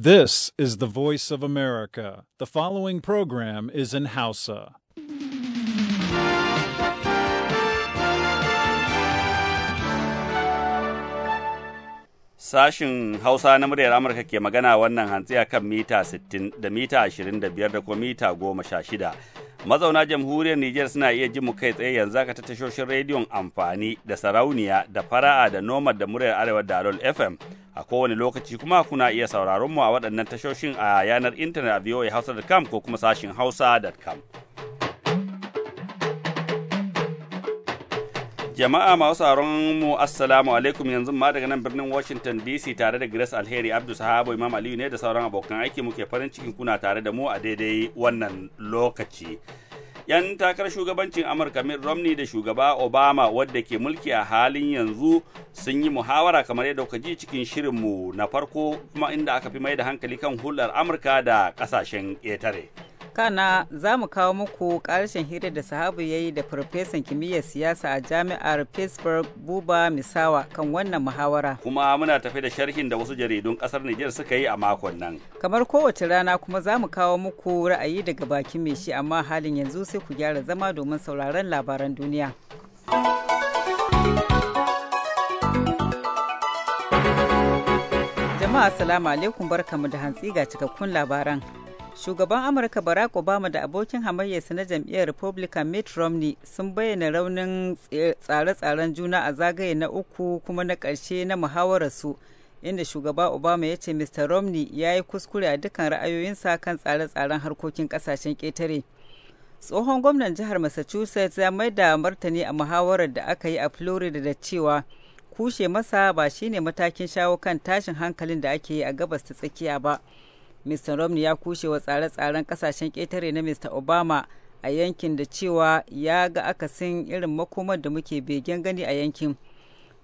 This is the voice of America. The following program is in Hausa. Sashin Hausa na muryar Amurka ke magana wannan hantsi a kan mita 60 da mita 25 da kuma mita 16. mazauna jamhuriyar Nijar suna iya ji mu kai tsaye yanzu aka ta tashoshin rediyon amfani da sarauniya da fara'a da nomad da muryar arewa da alol fm a kowane lokaci kuma kuna iya sauraron mu a waɗannan tashoshin a yanar intanet a voahausa.com ko kuma sashin hausa.com Jama'a masu sauraron mu assalamu alaikum yanzu ma daga nan birnin Washington DC tare da Grace Alheri Abdu Sahabo Imam Aliyu ne da sauran abokan aiki muke farin cikin kuna tare da mu a daidai wannan lokaci. Yan takarar shugabancin Amurka Mitt Romney da shugaba Obama wadda ke mulki a halin yanzu sun yi muhawara kamar yadda kuka ji cikin shirinmu na farko kuma inda aka fi mai da hankali kan hular Amurka da ƙasashen ƙetare. kana za mu kawo muku karshen hira da sahabu ya yi da farfesan kimiyyar siyasa a jami'ar pittsburgh buba misawa kan wannan muhawara kuma muna tafi da sharhin da wasu jaridun kasar niger suka yi a makon nan kamar kowace rana kuma za mu kawo muku ra'ayi daga bakin mai shi amma halin yanzu sai ku gyara zama domin sauraron labaran duniya jama'a assalamu alaikum barkamu da hantsi ga cikakkun labaran shugaban amurka barack obama da abokin hamayyarsa na jam'iyyar republican mitt romney sun bayyana raunin eh, tsare-tsaren juna a zagaye na uku kuma na ƙarshe na muhawararsu inda shugaba obama ya ce mr romney ya yi kuskure a dukkan ra'ayoyinsa kan tsare-tsaren harkokin ƙasashen ƙetare tsohon gwamnan jihar massachusetts ya mai da martani a muhawarar da aka yi a florida da cewa kushe masa ba shine matakin shawo kan tashin hankalin da ake yi a gabas ta tsakiya ba Mr. Romney ya kushe wa tsare-tsaren kasashen ƙetare na Mr. Obama a yankin da cewa ya ga akasin irin makomar da muke begen gani a yankin.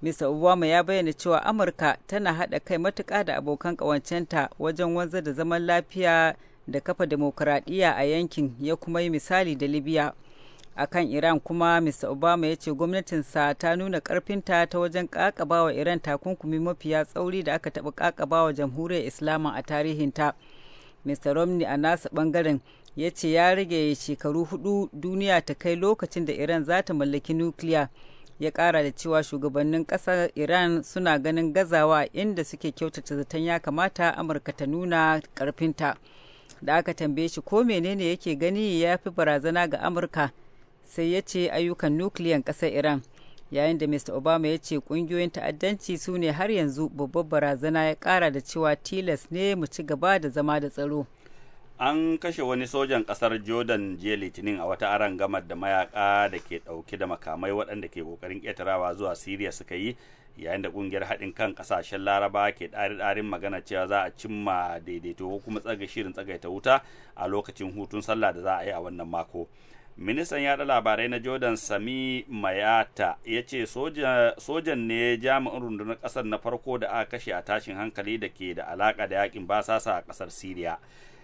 Mr. Obama ya bayyana cewa Amurka tana haɗa kai matuƙa da abokan ƙawancenta wajen wanzar da zaman lafiya da kafa demokuraɗiyya a yankin ya kuma yi misali da Libya. akan Iran kuma Mr. Obama ya ce gwamnatinsa ta nuna karfinta ta wajen kakabawa Iran takunkumi mafiya tsauri da aka taɓa kakabawa jamhuriyar Islama a tarihinta. Mr. Romney a nasa ɓangaren ya ce ya rage shekaru hudu duniya ta kai lokacin da Iran za ta mallaki nukiliya. Ya ƙara da cewa shugabannin ƙasar Iran suna ganin gazawa inda suke kyautata zaton ya kamata Amurka ta nuna karfinta. Da aka tambaye shi ko menene yake gani ya fi barazana ga Amurka. sai ya ce ayyukan nukiliyan ƙasar iran yayin da mr obama ya ce ƙungiyoyin ta'addanci su ne har yanzu babbar barazana ya kara da cewa tilas ne mu ci gaba da zama da tsaro an kashe wani sojan ƙasar jordan jiya litinin a wata aron gamar da mayaka da ke ɗauke da makamai waɗanda ke ƙoƙarin ƙetarawa zuwa siriya suka yi yayin da ƙungiyar haɗin kan ƙasashen laraba ke ɗari-ɗarin magana cewa za a cimma daidaito ko kuma tsaga shirin tsagaita wuta a lokacin hutun sallah da za a yi a wannan mako ministan yada labarai na jordan sami mayata ya ce sojan ne jami'in rundunar kasar na farko da aka kashe a tashin hankali da ke da alaka da yakin basasa a kasar syria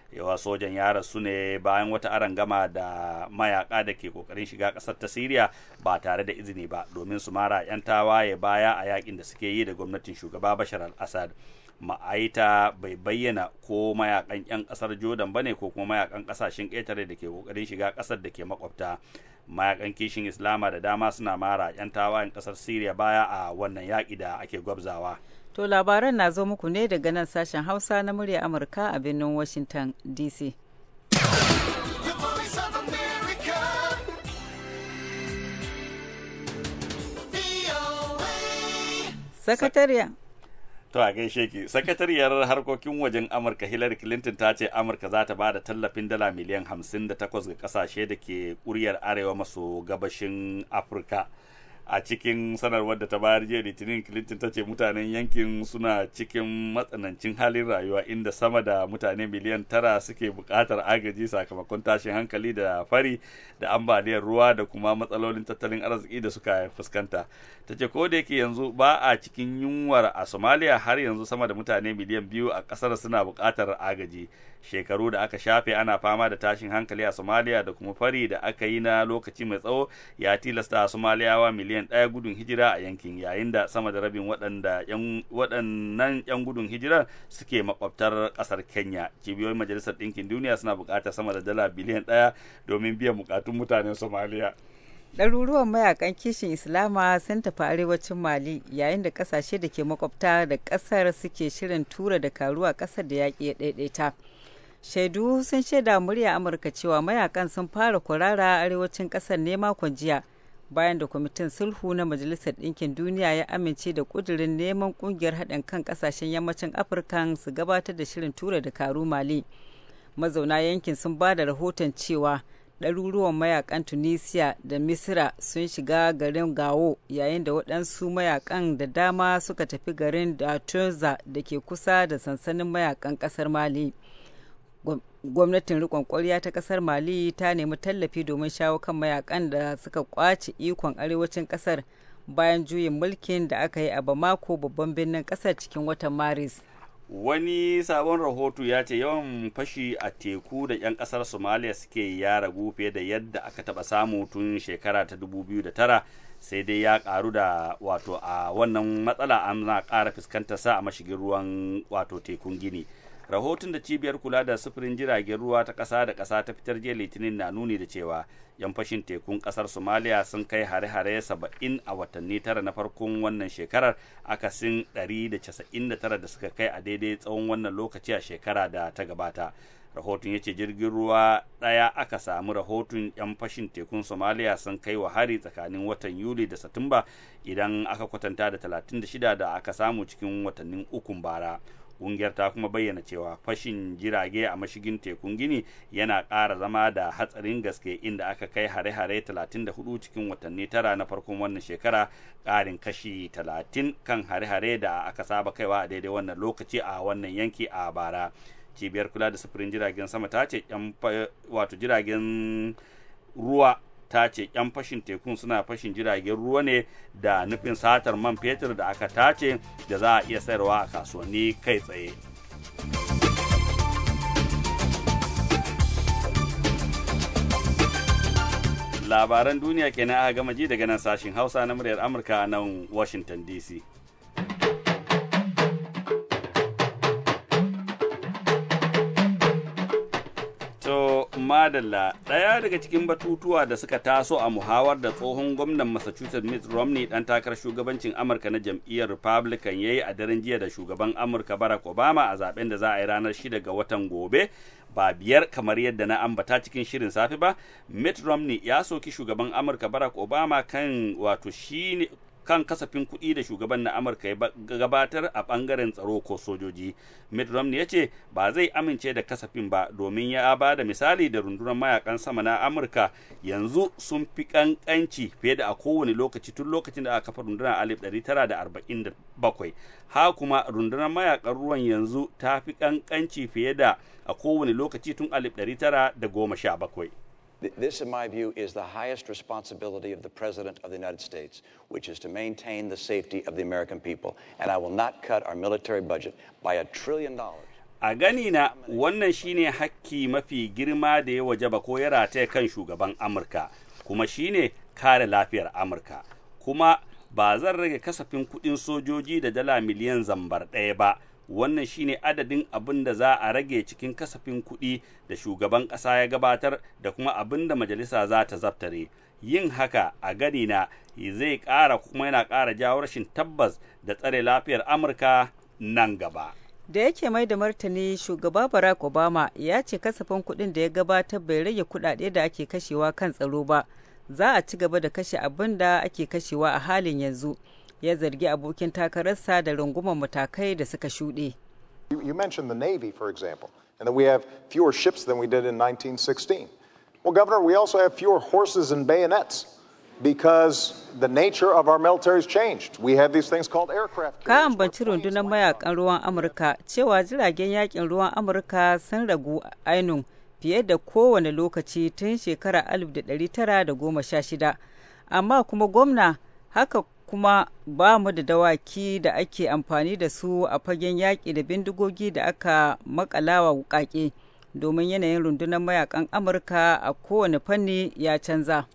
yawa sojan ya rasu ne bayan wata arangama da mayaka da ke kokarin shiga kasar ta siriya ba tare da izini ba domin su mara 'yan tawaye baya a yakin da suke yi da gwamnatin shugaba bashar al-assad ma'aita bai bayyana ko mayakan 'yan kasar jordan bane ko kuma mayakan kasashen ƙetare da ke kokarin shiga kasar da ke makwabta mayakan kishin islama da dama suna mara 'yan tawayen kasar syria baya a wannan yaƙi da ake gwabzawa to labaran na zo muku ne daga nan sashen hausa na murya amurka a birnin washington dc sakatariya To a gaishe ki, sakatariyar harkokin wajen Amurka Hillary Clinton ta ce Amurka za ta bada tallafin dala miliyan hamsin da 58 ga kasashe da ke kuryar arewa maso gabashin Afirka. a cikin sanarwar da ta bayar jiya litinin clinton ta ce mutanen yankin suna cikin matsanancin halin rayuwa inda sama da mutane miliyan tara suke buƙatar agaji sakamakon tashin hankali da fari da ambaliyar ruwa da kuma matsalolin tattalin arziki da suka fuskanta ta ce kodayake yake yanzu ba a cikin yunwar a somalia har yanzu sama da mutane miliyan biyu a ƙasar suna buƙatar agaji shekaru da aka shafe ana fama da tashin hankali a somaliya da kuma fari da aka yi na lokaci mai tsawo ya tilasta somaliyawa miliyan ɗaya gudun hijira a yankin yayin da sama da rabin waɗannan 'yan gudun hijira suke makwabtar ƙasar kenya cibiyoyin majalisar ɗinkin duniya suna buƙatar sama da dala biliyan ɗaya domin biyan buƙatun mutanen somaliya ɗaruruwan mayakan kishin islama sun tafi arewacin mali yayin da ƙasashe da ke makwabta da ƙasar suke shirin tura da karuwa ƙasar da yaƙi ya ɗaiɗaita shaidu sun shaida murya amurka cewa mayakan sun fara kwarara arewacin kasar ne makon jiya bayan da kwamitin sulhu na majalisar ɗinkin duniya ya amince da ƙudurin neman ƙungiyar haɗin kan ƙasashen yammacin afirka su gabatar da shirin tura da karu mali mazauna yankin sun ba da rahoton cewa ɗaruruwan mayakan tunisia da misira sun shiga garin gawo yayin da waɗansu mayakan da dama suka tafi garin da da ke kusa da sansanin mayakan ƙasar mali gwamnatin rikon kwarya ta kasar mali ta nemi tallafi domin shawo kan mayakan da suka kwace ikon arewacin kasar bayan juyin mulkin da aka yi a bamako babban birnin kasar cikin watan maris wani sabon rahoto ya ce yawan fashi a teku da 'yan kasar somalia suke ya ragu fiye da yadda aka taba samu tun shekara ta 2009 sai dai ya karu da wato a wannan matsala an na kara fuskantar sa a mashigin ruwan wato tekun gini rahoton da cibiyar kula da sufurin jiragen ruwa ta ƙasa da ƙasa ta fitar jiya litinin na nuni da cewa yan fashin tekun ƙasar somaliya sun kai hare-hare saba'in a watanni tara na farkon wannan shekarar akasin 199 da suka kai a daidai tsawon wannan lokaci a shekara da ta gabata rahoton ya ce jirgin ruwa ɗaya aka samu rahoton 'yan fashin tekun somaliya sun kai wa hari tsakanin watan yuli da satumba idan aka kwatanta da 36 da aka samu cikin watannin ukun bara kungiyar ta kuma bayyana cewa fashin jirage a mashigin tekun gini yana ƙara zama da hatsarin gaske inda aka kai hare-hare 34 cikin watanni tara na farkon wannan shekara karin kashi 30 kan hare-hare da aka saba kaiwa a daidai wannan lokaci a wannan yanki a bara cibiyar kula da sufurin jiragen sama ta ce wato jiragen ruwa ta ce 'yan fashin tekun suna fashin jiragen ruwa ne da nufin satar man fetur da aka tace da za a iya sayarwa a kasuwanni kai tsaye. labaran duniya kenan aka gama ji daga nan sashin hausa na muryar amurka nan washington dc madalla ɗaya daga cikin batutuwa da suka taso a muhawar da tsohon gwamnan massachusetts mitt romney dan takarar shugabancin amurka na jam'iyyar republican ya yi a daren jiya da shugaban amurka barack obama a zaben da za a yi ranar 6 ga watan gobe ba biyar kamar yadda na ambata cikin shirin safe ba mitt romney ya soki shugaban amurka barack obama kan wato shi kan kasafin kuɗi da shugaban na amurka ya gabatar a ɓangaren tsaro ko sojoji mitt romney ya ce ba zai amince da kasafin ba domin ya ba da misali da rundunar mayakan sama na amurka yanzu sun fi ƙanƙanci fiye da a kowane lokaci tun lokacin da aka kafa rundunar alif bakwai ha kuma rundunar mayakan ruwan yanzu ta fi ƙanƙanci fiye da a kowane lokaci tun alif bakwai. This, in my view, is the highest responsibility of the President of the United States, which is to maintain the safety of the American people. And I will not cut our military budget by a trillion dollars. A gani na wannan shine hakki mafi girma da ya wajaba ko ya rataya kan shugaban Amurka, kuma shine kare lafiyar Amurka. Kuma ba zan rage kasafin kuɗin sojoji da dala miliyan zambar ɗaya ba. wannan shine adadin abin da za a rage cikin kasafin kuɗi da shugaban ƙasa ya gabatar da kuma abin da majalisa za ta zaftare yin haka a gani na zai ƙara kuma yana ƙara jawo rashin tabbas da tsare lafiyar amurka nan gaba da yake mai da martani shugaba barack obama ya ce kasafin kuɗin da ya gabatar bai rage kuɗaɗe da ake kashewa kan tsaro ba za a ci gaba da kashe abin da ake kashewa a halin yanzu ya zargi abokin takararsa da rungumar matakai da suka shuɗe. You mentioned the Navy, for example, and that we have fewer ships than we did in 1916. Well, Governor, we also have fewer horses and bayonets because the nature of our military has changed. We have these things called aircraft. Ka ambanci rundunar mayakan ruwan Amurka cewa jiragen yakin ruwan Amurka sun ragu ainun fiye da kowane lokaci tun shekara 1916. Amma kuma gwamna haka kuma ba mu da dawaki da ake amfani da su a fagen yaƙi da bindigogi da aka makalawa wukake domin yanayin rundunar mayakan amurka a kowane fanni ya canza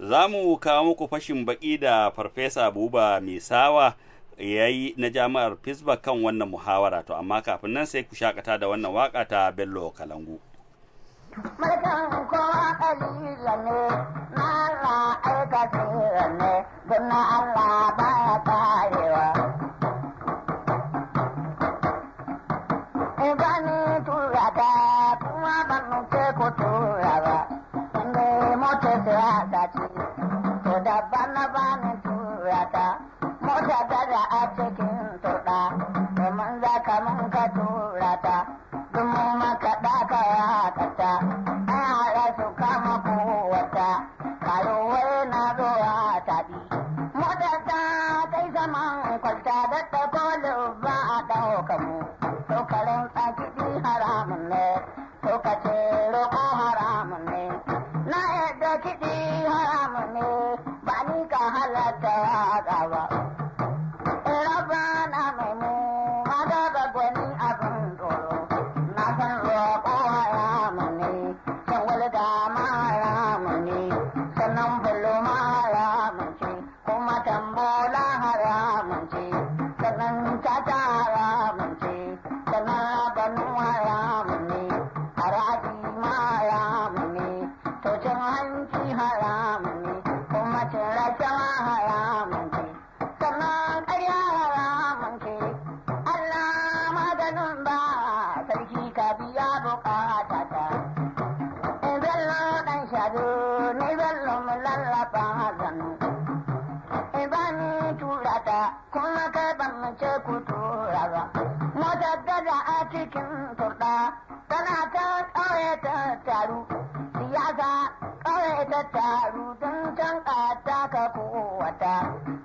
za mu kawo muku fashin baƙi da farfesa buba mai sawa ya yi na jami'ar pittsburgh kan wannan muhawara to amma kafin nan sai ku shakata da wannan waƙa ta bello kalangu mulkin kowa kalila ne na Allah ne don na Allah baya karewa Ibani tura ta kuma ban ce ku tura ba, inda mota siyasa ce, to daban na bani tura ta, mota a cikin turɗa, domin za ka mun ka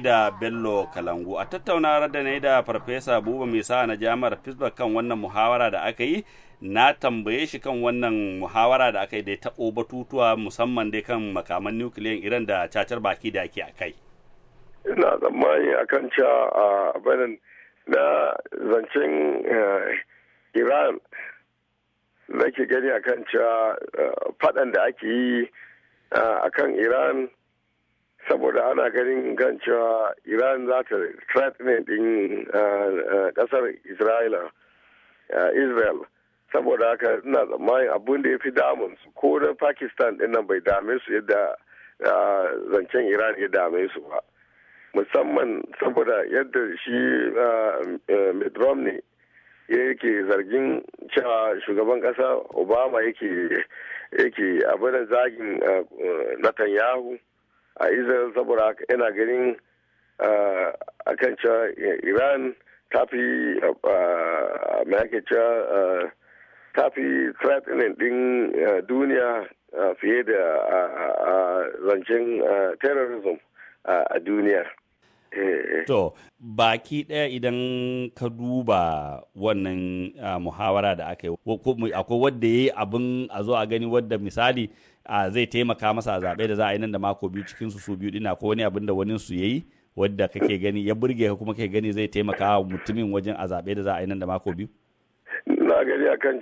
da Bello Kalangu a tattaunawar da na yi da Farfesa Buba mai sa na jami'ar Pittsburgh kan wannan muhawara da aka yi na tambaye shi kan wannan muhawara da aka yi da ya taɓo batutuwa musamman dai kan makaman nukiliyan Iran da cacar baki da ake a kai. Ina tsammani akan ca a banin na zancen eh, Iran ke gani a kan ca eh, faɗan da ake yi eh, a kan Iran saboda ana ganin gan cewa iran za ta threatening din kasar eh, eh, isra'ila eh, israel saboda haka ina tsammanin abin da ya fi damun su ko da pakistan din nan bai dame su yadda zancen iran ya dame su ba musamman saboda yadda shi mitt romney yake zargin cewa shugaban kasa obama yake abin zagin netanyahu a israel saboda yana ganin a ah, kan cewa iran ta fi ah, mai ake cewa ah, ta fi threatening din duniya fiye da zancen terrorism a duniya. Eh, eh. To, baki ɗaya idan ka duba wannan muhawara da aka yi, akwai wadda ya yi abin a zo a gani wadda misali a zai taimaka masa a zaɓe da za a yi nan da mako biyu cikin su su biyu dina ko wani abin da wani su yayi wadda kake gani ya burge ka kuma kake gani zai taimaka wa mutumin wajen a zaɓe da za a yi nan da mako biyu na gani akan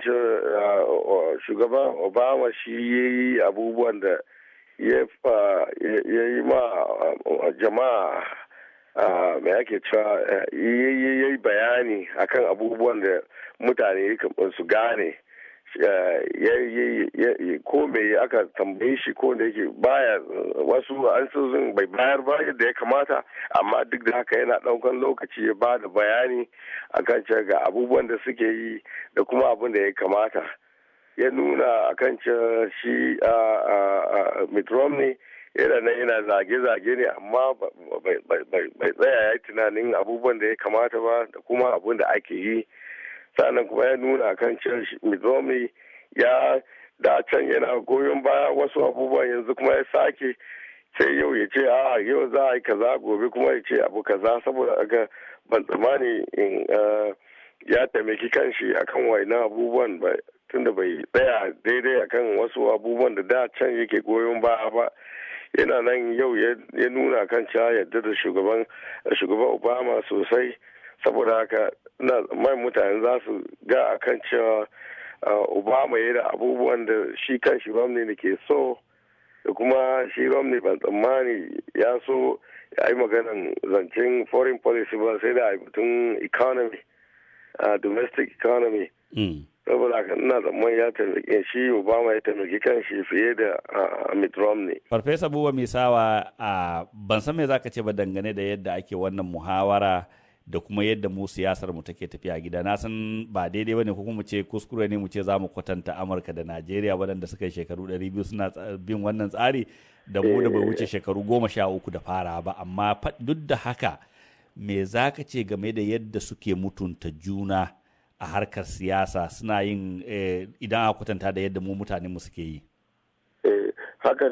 shugaban obama shi yayi abubuwan da ya yi ma jama'a mai ake cewa ya yi bayani akan abubuwan da mutane su gane Eh, ko me aka tambaye shi ko da yake baya wasu ansozin bai bayar ba yadda ya kamata amma duk da haka yana daukan lokaci ya ba da bayani akan can ga abubuwan da suke yi da kuma abin da ya kamata ya nuna akan can shi mitt romney yana nan yana zage-zage ne amma bai tsaya ya tunanin abubuwan da ya kamata ba da kuma abin da ake yi sannan kuma ya nuna kan cewa mizomi ya da yana goyon baya wasu abubuwan yanzu kuma ya sake sai yau ya ce a yau za a yi kaza gobe kuma ya ce abu kaza saboda aka ban tsammani in eh, ya taimaki kanshi akan wainan abubuwan ba tunda bai tsaya daidai akan wasu abubuwan da da can yake goyon baya ba yana nan yau ya nuna kan cewa yadda da shugaban obama sosai saboda haka na mai mutane za su ga akan cewa obama ya da abubuwan da shi kan shi romney ne ke so da kuma shi romney ban tsammani ya so ya yi maganan zancen foreign policy ba sai da aibutun economy domestic economy mm. saboda haka ina tsammanin ya taimake shi obama ya taimaki kan shi fiye da mitt romney farfesa buwa misawa ban san me zaka ce ba dangane da yadda ake wannan muhawara da kuma yadda mu siyasar mu take tafiya gida na san ba daidai bane ko kuma ce kuskure ne mu ce za mu kwatanta Amurka da Najeriya waɗanda suka shekaru 200 suna bin wannan tsari da mu da bai wuce eh. shekaru 13 da fara ba amma duk da haka me za ka ce game da yadda suke mutunta juna a harkar siyasa suna yin eh, idan a kwatanta da yadda mu mutane mu suke yi eh, haka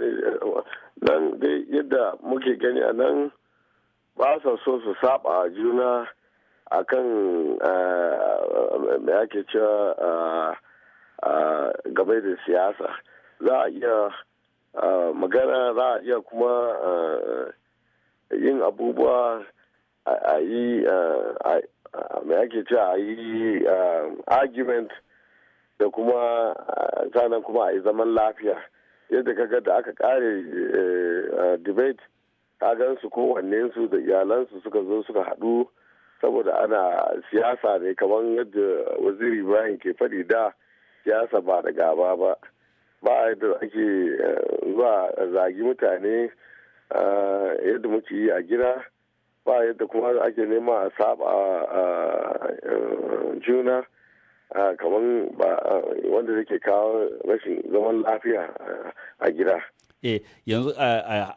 nan yadda muke gani a nan ba sa so su saba juna a kan ya eh, ke cewa eh, eh, gabai da siyasa za a iya magana za a iya kuma yin abubuwa a yi mai ake ce a yi argument da kuma sannan kuma a yi zaman lafiya yadda kaga da aka kare debate ta kowanne kowannensu da iyalansu suka zo suka haɗu saboda ana siyasa ne kamar yadda waziri ibrahim ke faɗi da siyasa ba da gaba ba ba yadda ake eh, zuwa zagi mutane eh, yadda muke yi a gida ba yadda kuma ake nema a saba eh, juna kamar wanda zai kawo rashin zaman lafiya a gida eh yanzu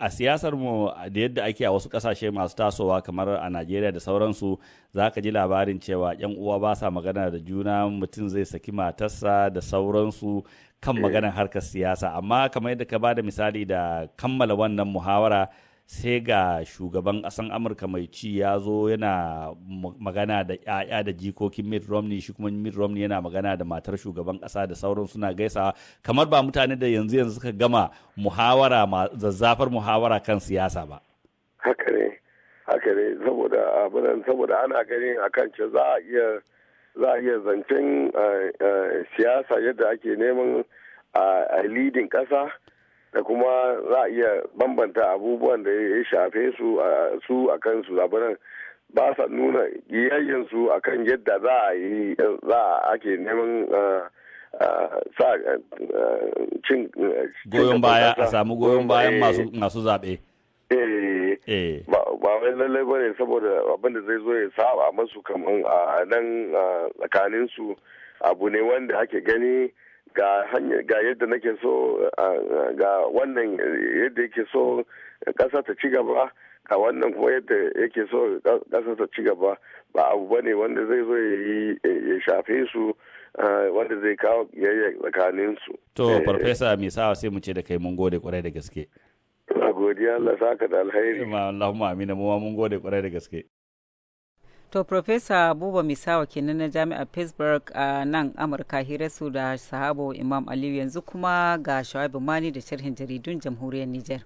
a siyasar mu da yadda ake a wasu kasashe masu tasowa kamar a Najeriya da sauransu za ka ji labarin cewa yan uwa ba sa magana da juna mutum zai saki matarsa da sauransu kan eh. maganar harkar siyasa amma kamar yadda ka ba da misali da kammala wannan muhawara sai ga shugaban ƙasan amurka mai ci ya zo yana magana da 'ya'ya da jikokin mitt romney shi kuma mitt romney yana magana da matar shugaban kasa da sauran suna gaisawa kamar ba mutane da yanzu yanzu suka gama muhawara zazzafar muhawara kan siyasa ba haka ne haka ne saboda abinan saboda ana gani a kan ce za a iya za a iya zancen eh, eh, siyasa yadda ake neman eh, a leading ƙasa da kuma za a iya bambanta abubuwan da ya shafe su a su a kan labaran ba sa nuna yayyansu a kan yadda za a yi za a ake neman sa cin goyon baya a samu goyon bayan eh. masu zaɓe. Eh. Eh. ba wai lallai ba saboda abin da zai zo ya saba masu kaman a nan tsakaninsu abu ne wanda ake gani ga hanyar ga yadda nake so ga wannan yadda yake so ƙasa ta ci gaba ga wannan kuma yadda yake so ƙasa ta ci gaba ba abu bane wanda zai zo ya shafe su wanda zai kawo yayya tsakanin su to eh, farfesa mai sawa sai mu ce da kai mun gode kwarai da gaske godiya Allah saka da alheri ma Allahumma amina mu mun gode kwarai da gaske To, Profesa Abuba Misawa kenan na Jami'ar Pittsburgh a nan Amurka hirarsu da sahabo Imam Aliyu yanzu kuma ga Shawabu Mani da sharhin jaridun jamhuriyar Nijar.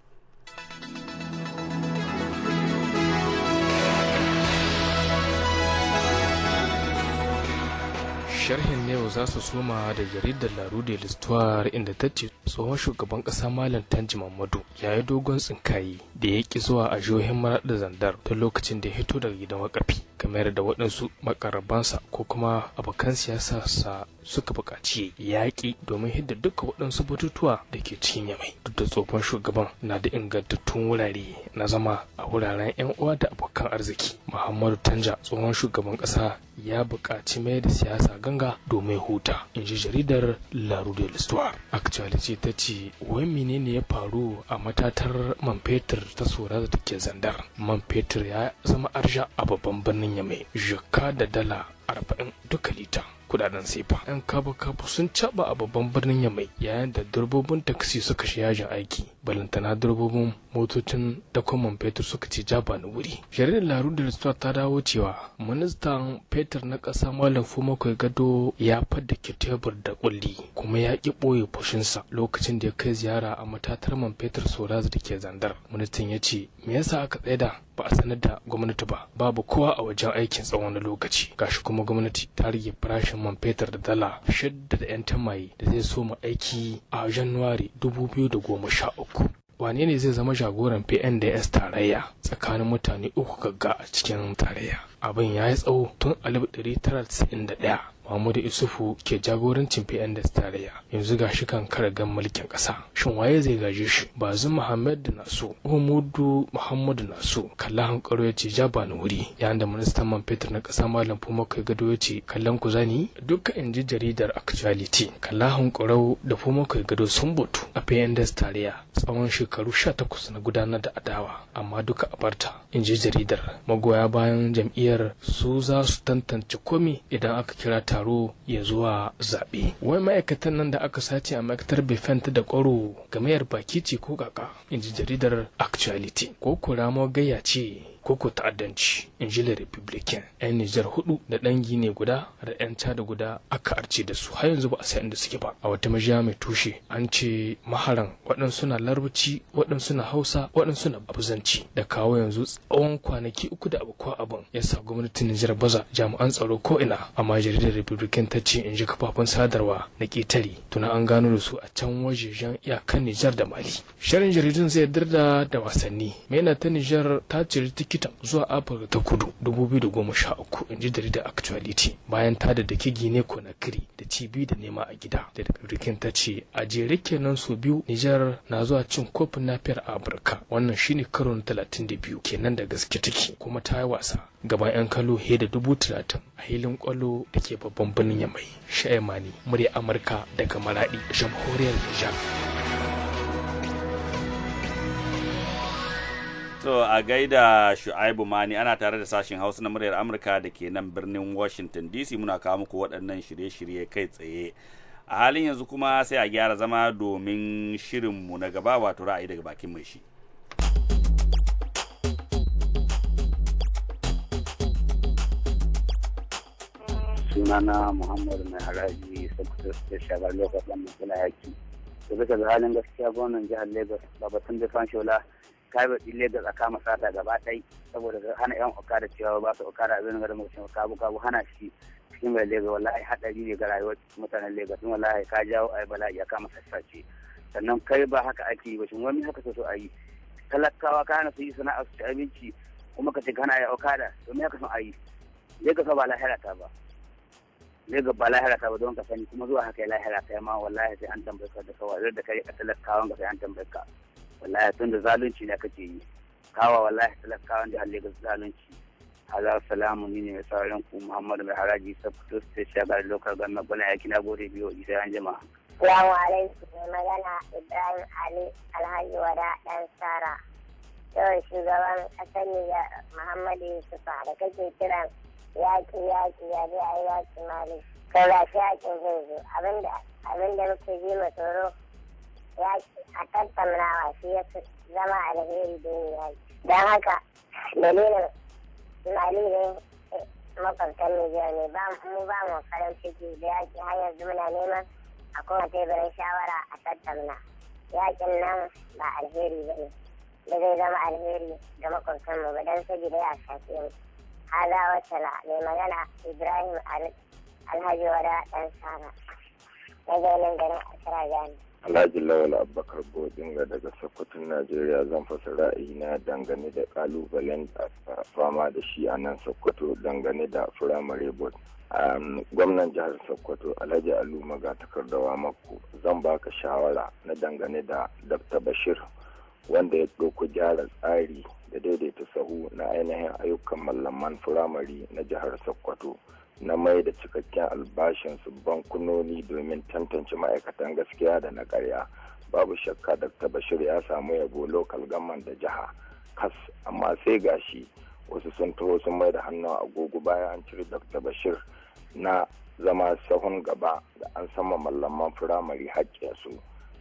sharhin ne za su soma da jaridar laru da listuwar inda ta ce tsohon shugaban kasa malam tanji mamadu ya yi dogon tsinkayi da ya ki zuwa a jihohin maraɗa zandar ta lokacin da ya hito daga gidan wakafi game da waɗansu makarabansa ko kuma abokan siyasa sa suka buƙaci yaƙi domin hidda duka waɗansu batutuwa da ke cikin yamai duk da tsohon shugaban na da ingantattun wurare na zama a wuraren 'yan uwa da abokan arziki muhammadu tanja tsohon shugaban ƙasa ya buƙaci mai da siyasa ganga domin huta in ji jaridar la rue actuality ta ce wai menene ya faru a matatar man fetur ta tsora da take zandar man fetur ya zama arsha a babban birnin ya mai jaka da dala arba'in duka lita kudaden sefa yan kabu kabu sun caba a babban birnin ya yamai yayin da durbobin taksi suka shi yajin aiki balantana durbobin motocin da man fetur suka ce jaba na wuri jaridar larun da ta dawo cewa ministan fetur na ƙasa malam fumakwai gado ya fadda tebur da ƙulli kuma ya ƙi ɓoye fushinsa lokacin da ya kai ziyara a matatar man fetur soraz da ke zandar ministan ya ce me yasa aka tsaida ba a sanar da gwamnati ba babu kowa a wajen aikin tsawon na lokaci gashi kuma gwamnati ta rage farashin man fetur da dala shidda da yan tamaye da zai so mu aiki a januwari dubu biyu da goma sha uku wane ne zai zama jagoran PNDS tarayya tsakanin mutane uku gagga a cikin tarayya abin ya yi tsawo tun 1991 Muhammadu Isufu ke jagorancin da tarayya yanzu ga shi kan karagan mulkin ƙasa. Shin waye zai gaje shi? Bazum Muhammad Nasu, Umudu Muhammadu Nasu, kalla hankaro ya ce jaba ni wuri. Yayin da ministan man fetur na ƙasa Malam Fuma kai gado ya ce kallan ku zani dukkan in ji jaridar Actuality. kallan hankaro da Fuma kai gado sun butu a da tarayya tsawon shekaru 18 na gudanar da adawa amma duka a barta in ji jaridar magoya bayan jam'iyyar su za su tantance komi idan aka kira ta taro ya zuwa zaɓe wai ma'aikatan nan da aka sace a ma'aikatar bifent da kwaro gamayar baki ce ko kaka in ji jaridar actuality ko kuramo gayya ce koko ta'addanci in ji republican yan nijar hudu da dan gine guda da yan da guda aka arce da su har yanzu ba a san inda suke ba a wata majiya mai tushe an ce maharan waɗansu na larabci waɗansu na hausa waɗansu na abuzanci da kawo yanzu tsawon kwanaki uku da abokuwa abin ya sa gwamnatin nijar baza jami'an tsaro ko ina amma jaridar republican ta ce in ji kafafen sadarwa na ƙetare tuna an gano da su a can wajejen iyakan nijar da mali shirin jaridun zai da wasanni mai ta nijar ta ciri tikiti shida zuwa Afirka ta kudu dubu biyu da goma sha uku in ji jaridar Actuality bayan ta da daki Gine Conakry da cibi da nema a gida. Da Republican ta ce a jere kenan su biyu Nijar na zuwa cin kofin nafiyar Afirka wannan shine karo na talatin da biyu kenan da gaske take kuma ta yi wasa gaba 'yan kalo he da dubu talatin a hilin kwallo da ke babban birnin Yamai. Sha'imani murya Amurka daga Maradi jamhuriyar Nijar. To a gaida Shu'aibu Mani ana tare da sashen Hausa na muryar Amurka da ke nan birnin Washington DC muna kawo muku waɗannan shirye-shirye kai tsaye. A halin yanzu kuma sai a gyara zama domin shirinmu na gaba wato ra'ayi daga bakin mai shi. sunana muhammadu mai haraji sakuta da Lagos lokacin matsala yaki da bisa halin gaskiya gwamnan jihar lagos babatun da fanshola shola kabe din Lagos a kama sata gaba ɗai saboda hana yan okada cewa ba su okada abin da muka cewa kabu kabu hana shi cikin mai Lagos wallahi hadari ne ga rayuwar mutanen Lagos in wallahi ka jawo yi bala'i a kama sassace sannan kai ba haka ake yi ba shin wani haka so a yi talakawa ka hana su yi sana'a su ci abinci kuma ka ce hana ya okada me haka son a yi Lagos ba lahira ta ba zai ba lahira ba don ka sani kuma zuwa haka ya lahira ka ma wallahi sai an tambaye ka da kawai da kai a talakawan ga sai an tambaye ka wallahi tun da zalunci ne kake yi kawa wallahi talakawan jihar ga zalunci Allah salamu ni ne sauran ku Muhammadu mai haraji Sokoto special ga Local Government Bana yaki na gode biyo sai an jima. Salamu alaikum mai magana Ibrahim Ali Alhaji Wada Dan Sara. Yau shugaban ƙasar ya Muhammadu Yusufa da kake kiran yaƙi yaƙi ya je a yi mali. Kai ba shi yaƙin zai zo abinda abinda muke ji ma tsoro a tattaunawa shi ya fi zama alheri da yi don haka dalilin dalilin makwabtan Nijar ne mu ba mu farin ciki da yaƙi har yanzu muna neman a kuma teburin shawara a tattauna yaƙin nan ba alheri ba ne da zai zama alheri ga mu ba don saboda ya shafe mu haza wacce na mai magana Ibrahim Alhaji Wada ɗan Sara na ganin garin Asira Gani. Alhaji Lawal Abubakar Bodinga daga Sokoton Najeriya zan fasa ra'ayina dangane da kalubalen da fama da shi a nan Sokoto dangane da firamare board. Gwamnan jihar Sokoto Alhaji Alu wa mako zan baka shawara na dangane da Dr. Bashir wanda ya ɗauko gyara tsari da daidaita sahu na ainihin ayyukan mallaman firamare na jihar Sokoto. na mai da cikakken albashinsu bankunoni domin tantance ma'aikatan gaskiya da na karya babu shakka dr bashir ya samu yabo lokal gamman da jiha kas amma sai gashi wasu sun taho sun mai da hannu agogo bayan an cire dr bashir na zama sahun gaba da an sama mallaman firamare haƙƙinsu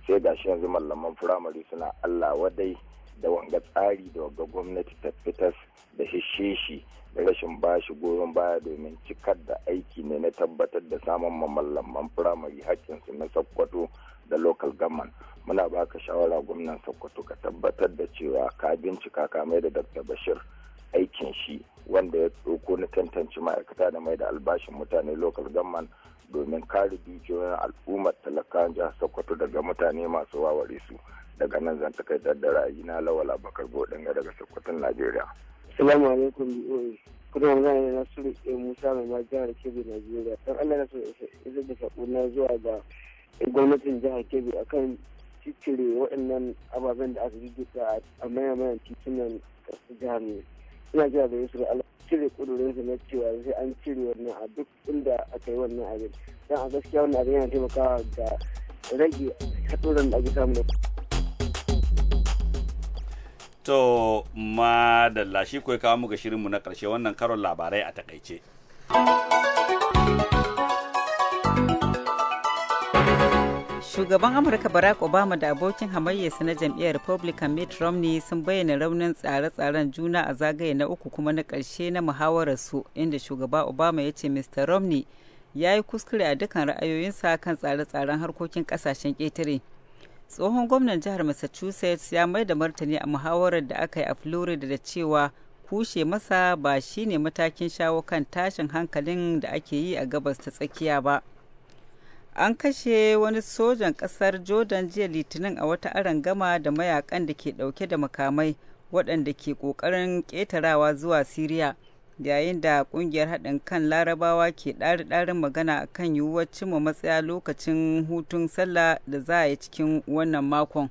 sai gashi yanzu mallaman firamare suna allah wadai da wanga tsari da wanga gwamnati ta fitas da shishe shi da rashin bashi goyon baya domin cikar da aiki ne na tabbatar da samun man firamare haƙƙinsu na sakkwato da local government muna baka shawara gwamnan sakkwato ka tabbatar da cewa ka bincika ka mai da dr bashir aikin shi wanda ya ɗauko na tantance ma'aikata da mai da albashin mutane local government domin kare dukiyoyin al'ummar talakawan jihar sokoto daga mutane masu waware su daga nan zan takai da lawala bakar godin ga daga sokoton najeriya salamu alaikum bi'o'i kuma magana ne na suru tsaye musa mai ma jihar kebbi najeriya don allah na so isa da saƙona zuwa ga gwamnatin jihar kebbi akan cire waɗannan ababen da aka jirgita a mayan titunan jihar ne ina jira da yusuf allah cire kudurinsa na cewa sai an cire wannan a duk inda aka yi wannan abin don a gaskiya wannan abin yana taimakawa ga rage haɗuran da ake samu da To, madalla shi kai kawo muka shirinmu na ƙarshe wannan karon labarai a takaice. Shugaban Amurka Barack Obama da abokin hamayyarsa na jam'iyyar Republican Mitt Romney sun bayyana raunin tsare-tsaren juna a zagaye na uku kuma na ƙarshe na muhawararsu inda shugaba Obama ya ce Mr. Romney ya yi kuskure a dukkan ra'ayoyinsa kan tsare-tsaren harkokin ƙasashen ƙetare. tsohon gwamnan jihar massachusetts ya mai da martani a muhawarar da aka yi a florida da cewa kushe masa ba shine matakin shawo kan tashin hankalin da ake yi a gabas ta tsakiya ba an kashe wani sojan kasar jordan jiya litinin a wata aron gama da mayakan da ke dauke da makamai waɗanda ke ƙoƙarin ƙetarawa zuwa siriya yayin da kungiyar haɗin kan larabawa ke ɗari-ɗarin magana a kan yiwuwar cimma matsaya lokacin hutun sallah da za a yi cikin wannan makon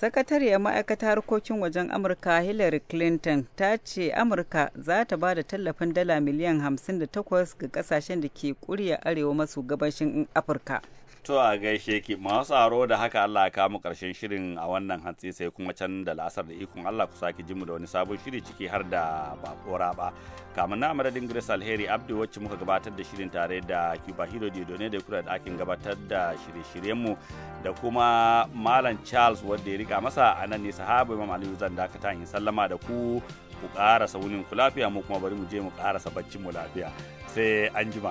sakatariyar ma'aikatar harkokin wajen amurka hillary clinton ta ce amurka za ta ba da tallafin dala miliyan 58 ga kasashen da ke kuriya arewa maso gabashin afirka To a gaishe ki masu tsaro da haka Allah ka mu karshen shirin a wannan hantsi sai kuma can da la'asar da ikon Allah ku sake jimu da wani sabon shiri ciki har da kora ba. Kamun na madadin Grace Alheri Abdu wacce muka gabatar da shirin tare da Cuba Hiro Didone da kula da akin gabatar da shirye shiryen mu da kuma Malam Charles wanda ya rika masa a nan ne sahaba Imam Aliyu zan dakata in sallama da ku ku karasa wunin ku lafiya mu kuma bari mu je mu karasa baccin mu lafiya sai an jima.